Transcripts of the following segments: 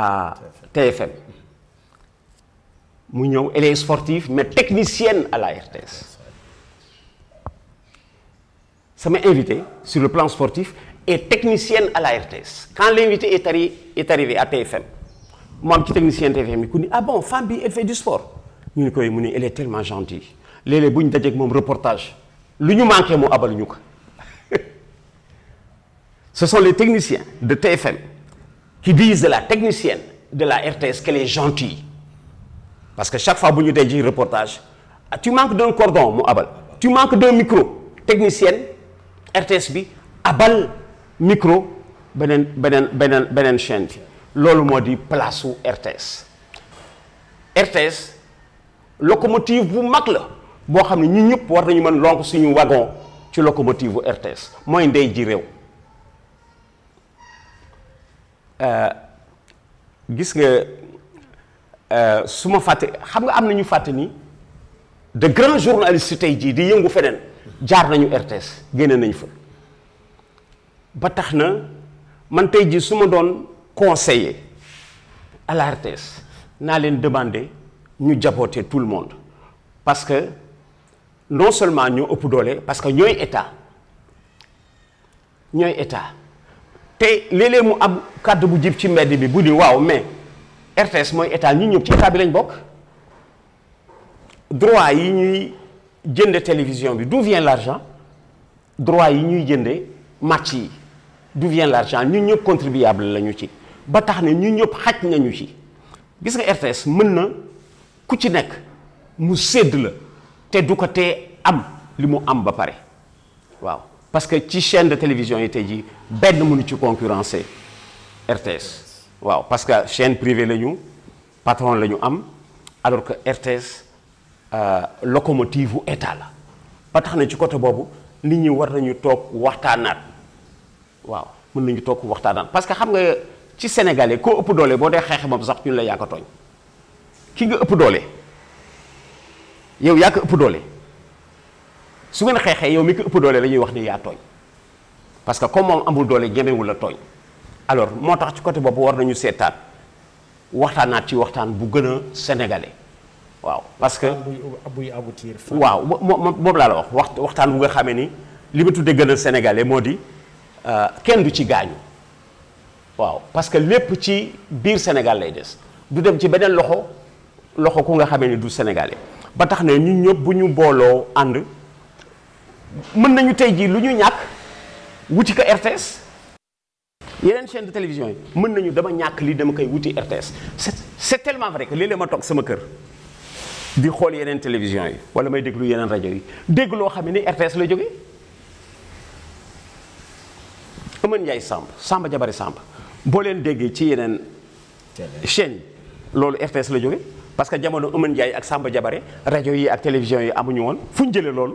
à TFM. elle est sportive, mais technicienne à la RTS. Ça m'a invité sur le plan sportif et technicienne à la RTS. Quand l'invité est, arrivé à TFM, moi, technicienne technicien TFM, je me dit Ah bon, Fabi, elle fait du sport. elle est tellement gentille. Les bouilles avec mon reportage. L'union manque, mon Ce sont les techniciens de TFM qui disent de la technicienne de la RTS qu'elle est gentille. Parce que chaque fois que nous avons un reportage, ah, tu manques d'un cordon, Tu manques d'un micro. Technicienne, RTS, bi, Abal, micro, benen, benen, benen, benen chaîne. Lolo m'a dit place ou RTS. RTS, locomotive vous mag la. Bo xamni ñun ñëpp war nañu mën lonk suñu wagon ci locomotive RTS je ndey ji rew Euh, gis nga que euh, ma xam nga ni de grands journalistes qui ont di yëngu fenen jaar RTS génne nañ fa ba man conseiller à la RTS na demander ñu tout le monde parce que non seulement nous, ëpp doole parce que ñoy état ñoy état te léeg-léeg mu am kàddu bu jib ci mbedd bi bu mais RTS moi état un ñëpp ci état bi lañ bokk droit yi ñuy jënde télévision bi d'où vient l'argent droit yi ñuy jënde match yi d'où vient l'argent ñun ñëpp contribuable lañu ci ba tax ne ñun ñëpp xaj nañu ci gis nga RTS mën ku ci nekk mu te du ko am li mu am ba pare waaw parce que ci chaîne de télévision yi tey jii benn mënu ci concurrencer RTS waaw parce que chaîne privée la patron la ñu am alors que RTS euh, locomotive u état la ba tax na ci côté boobu nit ñi war nañu toog waxtaanaat waaw mën nañu toog waxtaanaat parce que xam nga ci sénégalais koo ëpp doole boo dee xeex moom sax ñu la yaa ko tooñ ki nga ëpp doole yow yaa ëpp doole su ngeen xeexee yow mi ko ëpp doole la ñuy wax ni yaa tooñ parce que comme moom amul doole ñemewul la tooñ alors moo tax ci côté boobu war nañu seetaan waxtaanaat ci waxtaan bu gën a sénégalais waaw parce que buy aboutir waaw moom laa la wax wax waxtaan bu nga xamee ni li ma tuddee gën a sénégalais moo di euh, kenn du ci gaañu waaw parce que lépp ci biir Sénégal lay des du dem ci beneen loxo loxo ku nga xamee ni du sénégalais ba tax ne ñun ñëpp bu ñu booloo ànd mën nañu tey jii lu ñu ñàkk wuti ko RTS yeneen chaîne de télévision yi mën nañu dama ñàkk lii dama koy wuti RTS c'est c'est tellement vrai que léeg ma toog sama kër di xool yeneen télévision yi wala may déglu yeneen rajo yi dégg loo xam ne ni RTS la jógee Amane Ndiaye Samb Samba Jabari Samb boo leen déggee ci yeneen chaîne loolu RTS la jóge parce que jamono Amane Ndiaye ak Samba Jabare rajo yi ak télévision yi amuñu woon fu ñu jëlee loolu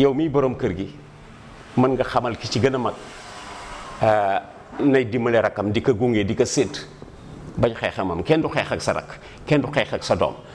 yow mii borom kër gi mën nga xamal ki ci gën a mag euh, nay dimbale rakkam di ko gunge di ko séet bañ xeexamam kenn du xeex ak sa rakk kenn du xeex ak sa doom